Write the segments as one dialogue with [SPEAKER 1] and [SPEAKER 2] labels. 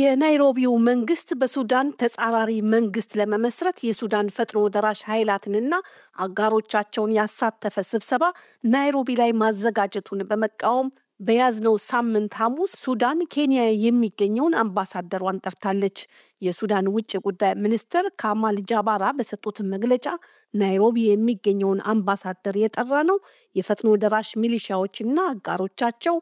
[SPEAKER 1] የናይሮቢው መንግስት በሱዳን ተጻራሪ መንግስት ለመመስረት የሱዳን ፈጥኖ ደራሽ ኃይላትንና አጋሮቻቸውን ያሳተፈ ስብሰባ ናይሮቢ ላይ ማዘጋጀቱን በመቃወም በያዝነው ሳምንት ሐሙስ ሱዳን ኬንያ የሚገኘውን አምባሳደሯን ጠርታለች። የሱዳን ውጭ ጉዳይ ሚኒስትር ካማል ጃባራ በሰጡት መግለጫ ናይሮቢ የሚገኘውን አምባሳደር የጠራ ነው የፈጥኖ ደራሽ ሚሊሻዎችና አጋሮቻቸው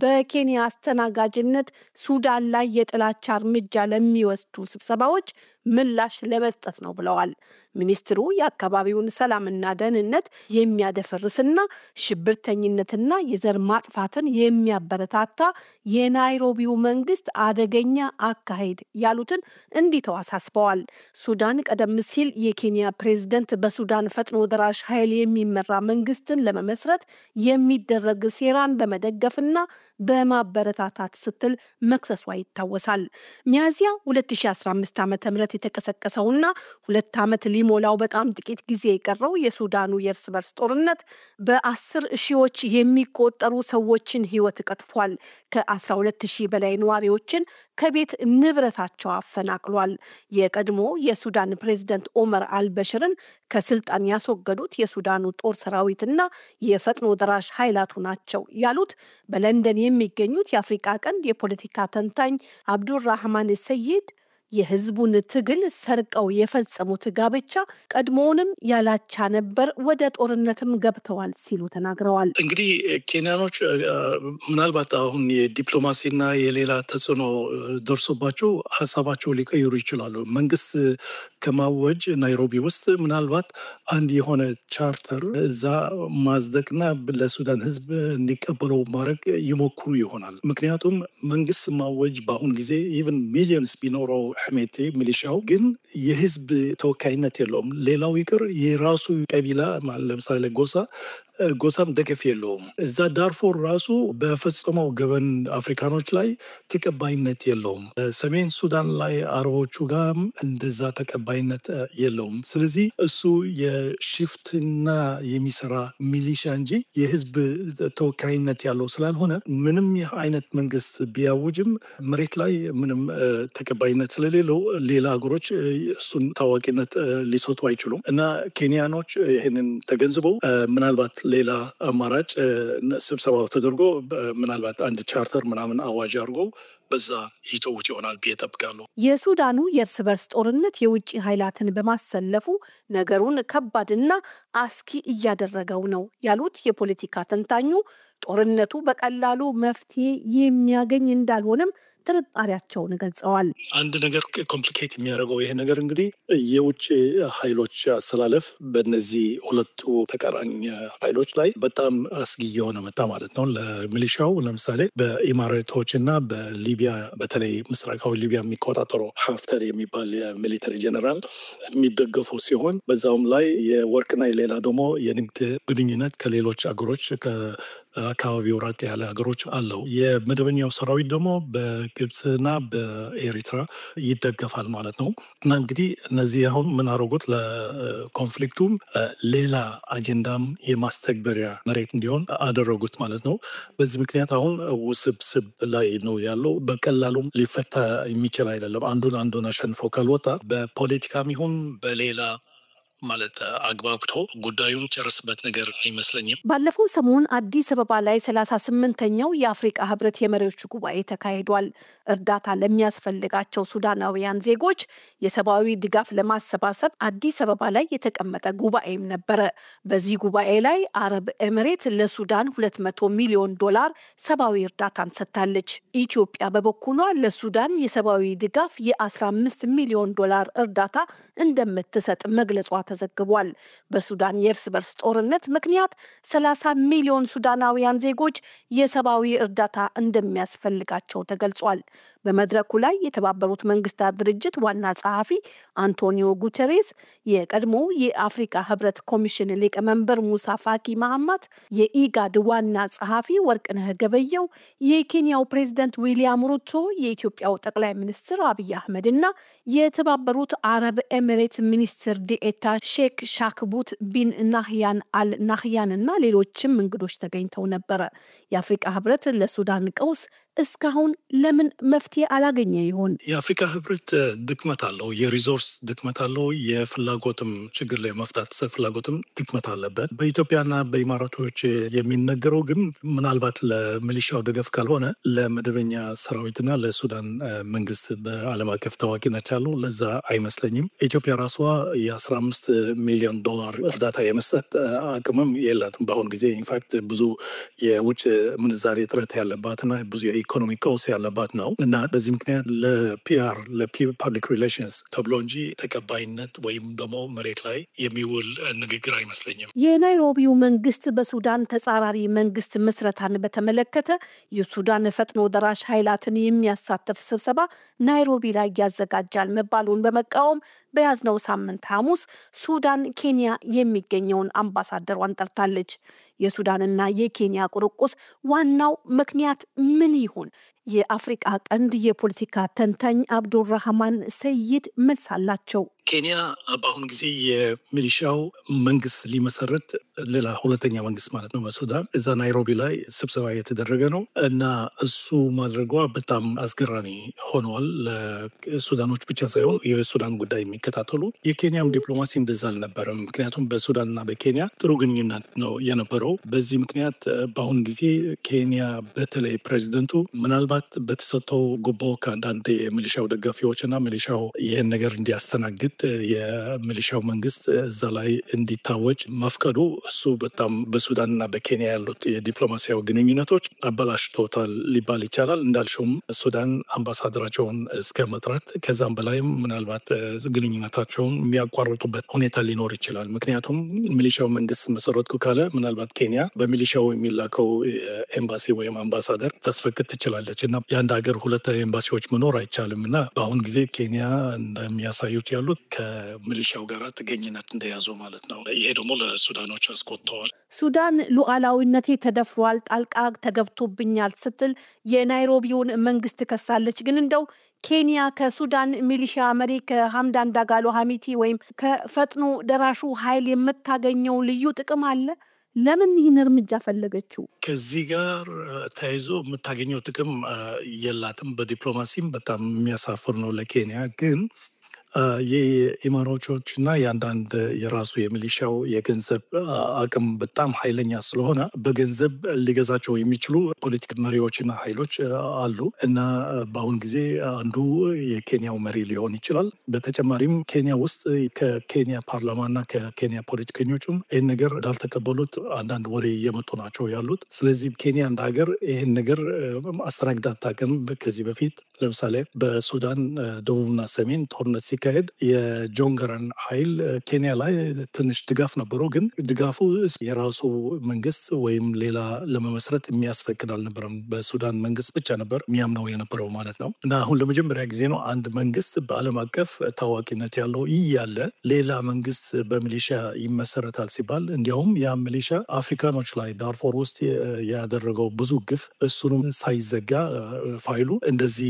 [SPEAKER 1] በኬንያ አስተናጋጅነት ሱዳን ላይ የጥላቻ እርምጃ ለሚወስዱ ስብሰባዎች ምላሽ ለመስጠት ነው ብለዋል። ሚኒስትሩ የአካባቢውን ሰላምና ደህንነት የሚያደፈርስና ሽብርተኝነትና የዘር ማጥፋትን የሚያበረታታ የናይሮቢው መንግስት አደገኛ አካሄድ ያሉትን እንዲተው አሳስበዋል። ሱዳን ቀደም ሲል የኬንያ ፕሬዝደንት በሱዳን ፈጥኖ ደራሽ ኃይል የሚመራ መንግስትን ለመመስረት የሚደረግ ሴራን በመደገፍና በማበረታታት ስትል መክሰሷ ይታወሳል። ሚያዚያ 2015 ዓ ም የተቀሰቀሰውና ሁለት ዓመት ሊሞላው በጣም ጥቂት ጊዜ የቀረው የሱዳኑ የእርስ በርስ ጦርነት በአስር ሺዎች የሚቆጠሩ ሰዎችን ህይወት ቀጥፏል። ከ12 ሺህ በላይ ነዋሪዎችን ከቤት ንብረታቸው አፈናቅሏል። የቀድሞ የሱዳን ፕሬዝደንት ኦመር አልበሽርን ከስልጣን ያስወገዱት የሱዳኑ ጦር ሰራዊትና የፈጥኖ ደራሽ ኃይላቱ ናቸው ያሉት በለንደን የሚገኙት የአፍሪቃ ቀንድ የፖለቲካ ተንታኝ አብዱራህማን ሰይድ የህዝቡን ትግል ሰርቀው የፈጸሙት ጋብቻ ቀድሞውንም ያላቻ ነበር፣ ወደ ጦርነትም ገብተዋል ሲሉ ተናግረዋል።
[SPEAKER 2] እንግዲህ ኬንያኖች ምናልባት አሁን የዲፕሎማሲና የሌላ ተጽዕኖ ደርሶባቸው ሀሳባቸው ሊቀይሩ ይችላሉ። መንግስት ከማወጅ ናይሮቢ ውስጥ ምናልባት አንድ የሆነ ቻርተር እዛ ማጽደቅና ለሱዳን ህዝብ እንዲቀበለው ማድረግ ይሞክሩ ይሆናል። ምክንያቱም መንግስት ማወጅ በአሁን ጊዜ ኢቨን ሚሊዮንስ ቢኖረው ሐሜቴ ሚሊሻው ግን የህዝብ ተወካይነት የለውም። ሌላው ይቅር የራሱ ቀቢላ ለምሳሌ ጎሳ ጎሳም ደገፍ የለውም። እዛ ዳርፎር ራሱ በፈጸመው ገበን አፍሪካኖች ላይ ተቀባይነት የለውም። ሰሜን ሱዳን ላይ አረቦቹ ጋርም እንደዛ ተቀባይነት የለውም። ስለዚህ እሱ የሽፍትና የሚሰራ ሚሊሻ እንጂ የህዝብ ተወካይነት ያለው ስላልሆነ ምንም ይህ አይነት መንግስት ቢያውጅም መሬት ላይ ምንም ተቀባይነት ስለሌለው ሌላ ሀገሮች እሱን ታዋቂነት ሊሰጡ አይችሉም እና ኬንያኖች ይህንን ተገንዝበው ምናልባት ሌላ አማራጭ ስብሰባ ተደርጎ ምናልባት አንድ ቻርተር ምናምን አዋጅ አድርጎ በዛ ይተውት ይሆናል ብዬ ጠብቃለሁ።
[SPEAKER 1] የሱዳኑ የእርስ በርስ ጦርነት የውጭ ኃይላትን በማሰለፉ ነገሩን ከባድና አስኪ እያደረገው ነው ያሉት የፖለቲካ ተንታኙ ጦርነቱ በቀላሉ መፍትሄ የሚያገኝ እንዳልሆነም ጥርጣሬያቸውን ገልጸዋል።
[SPEAKER 2] አንድ ነገር ኮምፕሊኬት የሚያደርገው ይሄ ነገር እንግዲህ የውጭ ኃይሎች አሰላለፍ በእነዚህ ሁለቱ ተቀራኝ ኃይሎች ላይ በጣም አስጊ የሆነ መጣ ማለት ነው። ለሚሊሻው ለምሳሌ በኢማሬቶች እና በሊቢያ በተለይ ምስራቃዊ ሊቢያ የሚቆጣጠሩ ሀፍተር የሚባል የሚሊተሪ ጀነራል የሚደገፉ ሲሆን በዛውም ላይ የወርቅና የሌላ ደግሞ የንግድ ግንኙነት ከሌሎች አገሮች አካባቢው ራቅ ያለ ሀገሮች አለው። የመደበኛው ሰራዊት ደግሞ በግብፅና በኤሪትራ ይደገፋል ማለት ነው። እና እንግዲህ እነዚህ አሁን ምን አረጉት? ለኮንፍሊክቱም ሌላ አጀንዳም የማስተግበሪያ መሬት እንዲሆን አደረጉት ማለት ነው። በዚህ ምክንያት አሁን ውስብስብ ላይ ነው ያለው። በቀላሉም ሊፈታ የሚችል አይደለም። አንዱን አንዱን አሸንፎ ካልወጣ በፖለቲካም ይሁን በሌላ ማለት አግባብቶ ጉዳዩን ጨርስበት ነገር አይመስለኝም።
[SPEAKER 1] ባለፈው ሰሞን አዲስ አበባ ላይ ሰላሳ ስምንተኛው የአፍሪቃ ህብረት የመሪዎች ጉባኤ ተካሂዷል። እርዳታ ለሚያስፈልጋቸው ሱዳናውያን ዜጎች የሰብአዊ ድጋፍ ለማሰባሰብ አዲስ አበባ ላይ የተቀመጠ ጉባኤም ነበረ። በዚህ ጉባኤ ላይ አረብ ኤምሬት ለሱዳን 200 ሚሊዮን ዶላር ሰብአዊ እርዳታን ሰጥታለች። ኢትዮጵያ በበኩሏ ለሱዳን የሰብአዊ ድጋፍ የ15 ሚሊዮን ዶላር እርዳታ እንደምትሰጥ መግለጿ ተዘግቧል። በሱዳን የእርስ በርስ ጦርነት ምክንያት 30 ሚሊዮን ሱዳናውያን ዜጎች የሰብአዊ እርዳታ እንደሚያስፈልጋቸው ተገልጿል። በመድረኩ ላይ የተባበሩት መንግስታት ድርጅት ዋና ጸሐፊ አንቶኒዮ ጉተሬስ፣ የቀድሞ የአፍሪካ ህብረት ኮሚሽን ሊቀመንበር ሙሳ ፋኪ ማህማት፣ የኢጋድ ዋና ጸሐፊ ወርቅነህ ገበየው፣ የኬንያው ፕሬዝደንት ዊሊያም ሩቶ፣ የኢትዮጵያው ጠቅላይ ሚኒስትር አብይ አህመድ እና የተባበሩት አረብ ኤሚሬት ሚኒስትር ዲኤታ ሼክ ሻክቡት ቢን ናህያን አል ናህያን እና ሌሎችም እንግዶች ተገኝተው ነበረ። የአፍሪካ ህብረት ለሱዳን ቀውስ እስካሁን ለምን መፍትሄ አላገኘ ይሆን?
[SPEAKER 2] የአፍሪካ ህብረት ድክመት አለው። የሪዞርስ ድክመት አለው። የፍላጎትም ችግር ላይ መፍታት ፍላጎትም ድክመት አለበት። በኢትዮጵያና በኢማራቶች የሚነገረው ግን ምናልባት ለሚሊሻው ደገፍ ካልሆነ ለመደበኛ ሰራዊትና ለሱዳን መንግስት በዓለም አቀፍ ታዋቂነት ያለው ለዛ አይመስለኝም። ኢትዮጵያ ራሷ የ15 ሚሊዮን ዶላር እርዳታ የመስጠት አቅምም የላትም በአሁኑ ጊዜ ኢንፋክት ብዙ የውጭ ምንዛሬ እጥረት ያለባትና ብዙ ኢኮኖሚ ቀውስ ያለባት ነው እና በዚህ ምክንያት ለፒአር ለፐብሊክ ሪሌሽንስ ተብሎ እንጂ ተቀባይነት ወይም ደግሞ መሬት ላይ የሚውል ንግግር አይመስለኝም።
[SPEAKER 1] የናይሮቢው መንግስት በሱዳን ተጻራሪ መንግስት ምስረታን በተመለከተ የሱዳን ፈጥኖ ደራሽ ኃይላትን የሚያሳተፍ ስብሰባ ናይሮቢ ላይ ያዘጋጃል መባሉን በመቃወም በያዝነው ሳምንት ሐሙስ ሱዳን ኬንያ የሚገኘውን አምባሳደሯን ጠርታለች። የሱዳንና የኬንያ ቁርቁስ ዋናው ምክንያት ምን ይሆን? የአፍሪቃ ቀንድ የፖለቲካ ተንታኝ አብዱራህማን ሰይድ መልስ አላቸው።
[SPEAKER 2] ኬንያ በአሁኑ ጊዜ የሚሊሻው መንግስት ሊመሰረት ሌላ ሁለተኛ መንግስት ማለት ነው በሱዳን እዛ ናይሮቢ ላይ ስብሰባ እየተደረገ ነው እና እሱ ማድረጓ በጣም አስገራሚ ሆነዋል። ለሱዳኖች ብቻ ሳይሆን የሱዳን ጉዳይ የሚከታተሉ የኬንያም ዲፕሎማሲ እንደዛ አልነበረም። ምክንያቱም በሱዳን እና በኬንያ ጥሩ ግንኙነት ነው የነበረው። በዚህ ምክንያት በአሁኑ ጊዜ ኬንያ በተለይ ፕሬዚደንቱ ምናልባት ምናልባት በተሰጥተው ጉቦ ከአንዳንድ የሚሊሻው ደጋፊዎች ና ሚሊሻው ይህን ነገር እንዲያስተናግድ የሚሊሻው መንግስት እዛ ላይ እንዲታወጅ መፍቀዱ እሱ በጣም በሱዳንና በኬንያ ያሉት የዲፕሎማሲያዊ ግንኙነቶች አበላሽቶታል ሊባል ይቻላል። እንዳልሽውም ሱዳን አምባሳደራቸውን እስከ መጥራት ከዛም በላይም ምናልባት ግንኙነታቸውን የሚያቋርጡበት ሁኔታ ሊኖር ይችላል። ምክንያቱም ሚሊሻው መንግስት መሰረትኩ ካለ ምናልባት ኬንያ በሚሊሻው የሚላከው ኤምባሲ ወይም አምባሳደር ታስፈቅድ ትችላለች። እና የአንድ ሀገር ሁለት ኤምባሲዎች መኖር አይቻልም እና በአሁን ጊዜ ኬንያ እንደሚያሳዩት ያሉት ከሚሊሻው ጋር ጥገኝነት እንደያዙ ማለት ነው። ይሄ ደግሞ ለሱዳኖች አስቆጥተዋል።
[SPEAKER 1] ሱዳን ሉዓላዊነቴ ተደፍሯል፣ ጣልቃ ተገብቶብኛል ስትል የናይሮቢውን መንግስት ከሳለች። ግን እንደው ኬንያ ከሱዳን ሚሊሻ መሪ ከሀምዳን ዳጋሎ ሀሚቲ ወይም ከፈጥኖ ደራሹ ኃይል የምታገኘው ልዩ ጥቅም አለ? ለምን ይህን እርምጃ ፈለገችው?
[SPEAKER 2] ከዚህ ጋር ተያይዞ የምታገኘው ጥቅም የላትም። በዲፕሎማሲም በጣም የሚያሳፍር ነው ለኬንያ ግን እና የአንዳንድ የራሱ የሚሊሻው የገንዘብ አቅም በጣም ኃይለኛ ስለሆነ በገንዘብ ሊገዛቸው የሚችሉ ፖለቲክ መሪዎችና ኃይሎች አሉ እና በአሁን ጊዜ አንዱ የኬንያው መሪ ሊሆን ይችላል። በተጨማሪም ኬንያ ውስጥ ከኬንያ ፓርላማና ከኬንያ ፖለቲከኞችም ይህን ነገር እንዳልተቀበሉት አንዳንድ ወሬ እየመጡ ናቸው ያሉት። ስለዚህ ኬንያ እንደ ሀገር ይህን ነገር አስተናግዳ አታውቅም ከዚህ በፊት ለምሳሌ በሱዳን ደቡብና ሰሜን ጦርነት ሲካሄድ የጆንገረን ኃይል ኬንያ ላይ ትንሽ ድጋፍ ነበረው፣ ግን ድጋፉ የራሱ መንግስት ወይም ሌላ ለመመስረት የሚያስፈቅድ አልነበረም። በሱዳን መንግስት ብቻ ነበር የሚያምነው የነበረው ማለት ነው። እና አሁን ለመጀመሪያ ጊዜ ነው አንድ መንግስት በዓለም አቀፍ ታዋቂነት ያለው እያለ ሌላ መንግስት በሚሊሻ ይመሰረታል ሲባል እንዲያውም ያ ሚሊሻ አፍሪካኖች ላይ ዳርፎር ውስጥ ያደረገው ብዙ ግፍ እሱንም ሳይዘጋ ፋይሉ እንደዚህ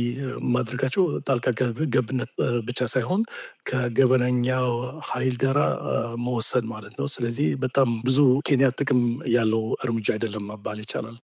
[SPEAKER 2] ማድረጋቸው ጣልቃ ገብነት ብቻ ሳይሆን ከገበነኛው ኃይል ጋር መወሰን ማለት ነው። ስለዚህ በጣም ብዙ ኬንያ ጥቅም ያለው እርምጃ አይደለም መባል ይቻላል።